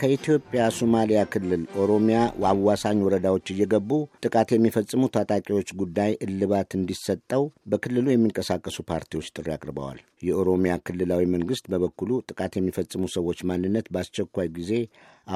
ከኢትዮጵያ ሶማሊያ ክልል ኦሮሚያ አዋሳኝ ወረዳዎች እየገቡ ጥቃት የሚፈጽሙ ታጣቂዎች ጉዳይ እልባት እንዲሰጠው በክልሉ የሚንቀሳቀሱ ፓርቲዎች ጥሪ አቅርበዋል። የኦሮሚያ ክልላዊ መንግስት በበኩሉ ጥቃት የሚፈጽሙ ሰዎች ማንነት በአስቸኳይ ጊዜ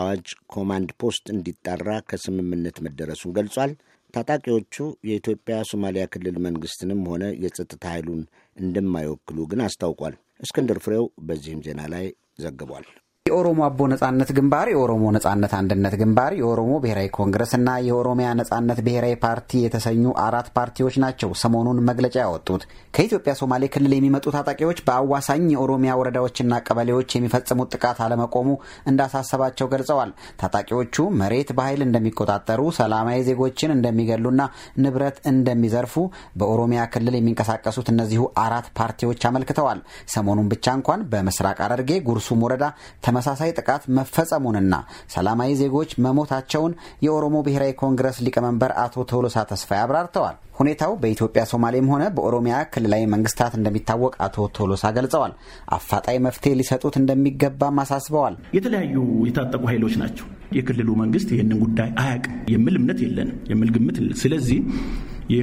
አዋጅ ኮማንድ ፖስት እንዲጣራ ከስምምነት መደረሱን ገልጿል። ታጣቂዎቹ የኢትዮጵያ ሶማሊያ ክልል መንግስትንም ሆነ የጸጥታ ኃይሉን እንደማይወክሉ ግን አስታውቋል። እስክንድር ፍሬው በዚህም ዜና ላይ ዘግቧል። የኦሮሞ አቦ ነጻነት ግንባር፣ የኦሮሞ ነጻነት አንድነት ግንባር፣ የኦሮሞ ብሔራዊ ኮንግረስ እና የኦሮሚያ ነጻነት ብሔራዊ ፓርቲ የተሰኙ አራት ፓርቲዎች ናቸው ሰሞኑን መግለጫ ያወጡት። ከኢትዮጵያ ሶማሌ ክልል የሚመጡ ታጣቂዎች በአዋሳኝ የኦሮሚያ ወረዳዎችና ቀበሌዎች የሚፈጽሙት ጥቃት አለመቆሙ እንዳሳሰባቸው ገልጸዋል። ታጣቂዎቹ መሬት በኃይል እንደሚቆጣጠሩ፣ ሰላማዊ ዜጎችን እንደሚገሉና ንብረት እንደሚዘርፉ በኦሮሚያ ክልል የሚንቀሳቀሱት እነዚሁ አራት ፓርቲዎች አመልክተዋል። ሰሞኑን ብቻ እንኳን በምስራቅ ሐረርጌ ጉርሱም ወረዳ ተመሳሳይ ጥቃት መፈጸሙንና ሰላማዊ ዜጎች መሞታቸውን የኦሮሞ ብሔራዊ ኮንግረስ ሊቀመንበር አቶ ቶሎሳ ተስፋዬ አብራርተዋል። ሁኔታው በኢትዮጵያ ሶማሌም ሆነ በኦሮሚያ ክልላዊ መንግስታት እንደሚታወቅ አቶ ቶሎሳ ገልጸዋል። አፋጣኝ መፍትሄ ሊሰጡት እንደሚገባም አሳስበዋል። የተለያዩ የታጠቁ ኃይሎች ናቸው። የክልሉ መንግስት ይህንን ጉዳይ አያውቅም የሚል እምነት የለንም የሚል ግምት ስለዚህ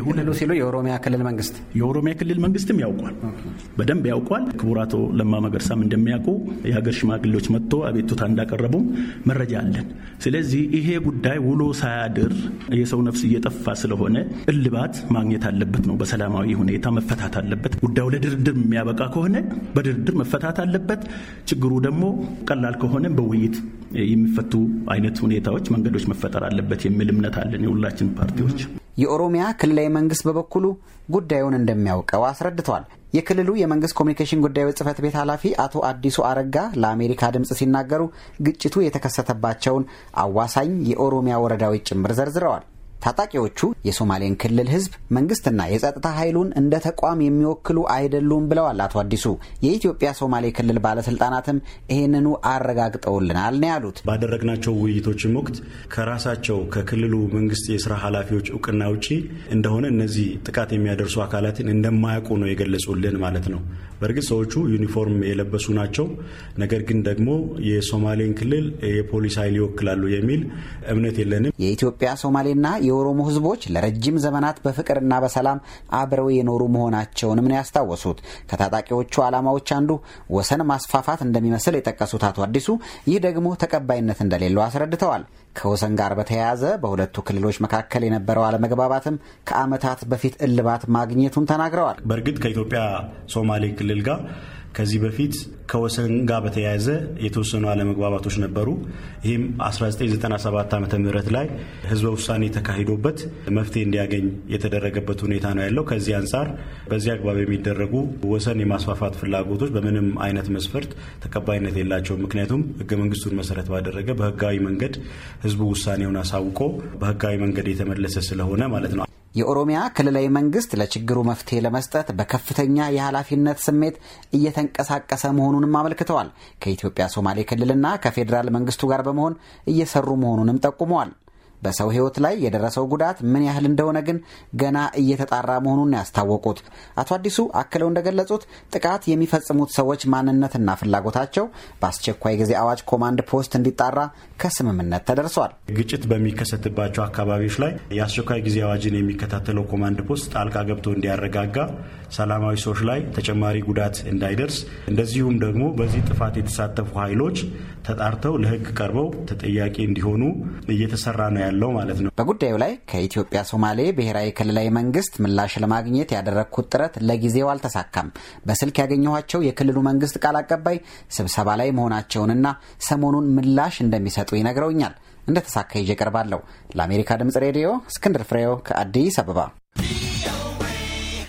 ክልሉ ሲሉ የኦሮሚያ ክልል መንግስት የኦሮሚያ ክልል መንግስትም ያውቋል፣ በደንብ ያውቋል። ክቡር አቶ ለማ መገርሳም እንደሚያውቁ የሀገር ሽማግሌዎች መጥቶ አቤቱታ እንዳቀረቡም መረጃ አለን። ስለዚህ ይሄ ጉዳይ ውሎ ሳያድር የሰው ነፍስ እየጠፋ ስለሆነ እልባት ማግኘት አለበት ነው። በሰላማዊ ሁኔታ መፈታት አለበት። ጉዳዩ ለድርድር የሚያበቃ ከሆነ በድርድር መፈታት አለበት። ችግሩ ደግሞ ቀላል ከሆነ በውይይት የሚፈቱ አይነት ሁኔታዎች፣ መንገዶች መፈጠር አለበት የሚል እምነት አለን የሁላችን ፓርቲዎች። የኦሮሚያ ክልላዊ መንግስት በበኩሉ ጉዳዩን እንደሚያውቀው አስረድቷል። የክልሉ የመንግስት ኮሚኒኬሽን ጉዳዮች ጽህፈት ቤት ኃላፊ አቶ አዲሱ አረጋ ለአሜሪካ ድምፅ ሲናገሩ ግጭቱ የተከሰተባቸውን አዋሳኝ የኦሮሚያ ወረዳዎች ጭምር ዘርዝረዋል። ታጣቂዎቹ የሶማሌን ክልል ህዝብ መንግስትና የጸጥታ ኃይሉን እንደ ተቋም የሚወክሉ አይደሉም ብለዋል አቶ አዲሱ። የኢትዮጵያ ሶማሌ ክልል ባለስልጣናትም ይህንኑ አረጋግጠውልናል ነው ያሉት። ባደረግናቸው ውይይቶችም ወቅት ከራሳቸው ከክልሉ መንግስት የስራ ኃላፊዎች እውቅና ውጪ እንደሆነ እነዚህ ጥቃት የሚያደርሱ አካላትን እንደማያውቁ ነው የገለጹልን ማለት ነው። በእርግጥ ሰዎቹ ዩኒፎርም የለበሱ ናቸው። ነገር ግን ደግሞ የሶማሌን ክልል የፖሊስ ኃይል ይወክላሉ የሚል እምነት የለንም። የኢትዮጵያ ሶማሌና የኦሮሞ ህዝቦች ለረጅም ዘመናት በፍቅርና በሰላም አብረው የኖሩ መሆናቸውንም ነው ያስታወሱት። ከታጣቂዎቹ ዓላማዎች አንዱ ወሰን ማስፋፋት እንደሚመስል የጠቀሱት አቶ አዲሱ ይህ ደግሞ ተቀባይነት እንደሌለው አስረድተዋል። ከወሰን ጋር በተያያዘ በሁለቱ ክልሎች መካከል የነበረው አለመግባባትም ከዓመታት በፊት እልባት ማግኘቱን ተናግረዋል። በእርግጥ ከኢትዮጵያ ሶማሌ ክልል ጋር ከዚህ በፊት ከወሰን ጋር በተያያዘ የተወሰኑ አለመግባባቶች ነበሩ። ይህም 1997 ዓ ም ላይ ህዝበ ውሳኔ ተካሂዶበት መፍትሄ እንዲያገኝ የተደረገበት ሁኔታ ነው ያለው። ከዚህ አንጻር በዚህ አግባብ የሚደረጉ ወሰን የማስፋፋት ፍላጎቶች በምንም አይነት መስፈርት ተቀባይነት የላቸውም። ምክንያቱም ህገ መንግስቱን መሰረት ባደረገ በህጋዊ መንገድ ህዝቡ ውሳኔውን አሳውቆ በህጋዊ መንገድ የተመለሰ ስለሆነ ማለት ነው። የኦሮሚያ ክልላዊ መንግስት ለችግሩ መፍትሄ ለመስጠት በከፍተኛ የኃላፊነት ስሜት እየተንቀሳቀሰ መሆኑንም አመልክተዋል። ከኢትዮጵያ ሶማሌ ክልልና ከፌዴራል መንግስቱ ጋር በመሆን እየሰሩ መሆኑንም ጠቁመዋል። በሰው ሕይወት ላይ የደረሰው ጉዳት ምን ያህል እንደሆነ ግን ገና እየተጣራ መሆኑን ያስታወቁት አቶ አዲሱ አክለው እንደገለጹት ጥቃት የሚፈጽሙት ሰዎች ማንነትና ፍላጎታቸው በአስቸኳይ ጊዜ አዋጅ ኮማንድ ፖስት እንዲጣራ ከስምምነት ተደርሷል። ግጭት በሚከሰትባቸው አካባቢዎች ላይ የአስቸኳይ ጊዜ አዋጅን የሚከታተለው ኮማንድ ፖስት ጣልቃ ገብቶ እንዲያረጋጋ፣ ሰላማዊ ሰዎች ላይ ተጨማሪ ጉዳት እንዳይደርስ፣ እንደዚሁም ደግሞ በዚህ ጥፋት የተሳተፉ ኃይሎች ተጣርተው ለሕግ ቀርበው ተጠያቂ እንዲሆኑ እየተሰራ ነው ያለው ማለት ነው። በጉዳዩ ላይ ከኢትዮጵያ ሶማሌ ብሔራዊ ክልላዊ መንግስት ምላሽ ለማግኘት ያደረግኩት ጥረት ለጊዜው አልተሳካም። በስልክ ያገኘኋቸው የክልሉ መንግስት ቃል አቀባይ ስብሰባ ላይ መሆናቸውንና ሰሞኑን ምላሽ እንደሚሰጡ ይነግረውኛል። እንደተሳካ ይዤ እቀርባለሁ። ለአሜሪካ ድምጽ ሬዲዮ እስክንድር ፍሬው ከአዲስ አበባ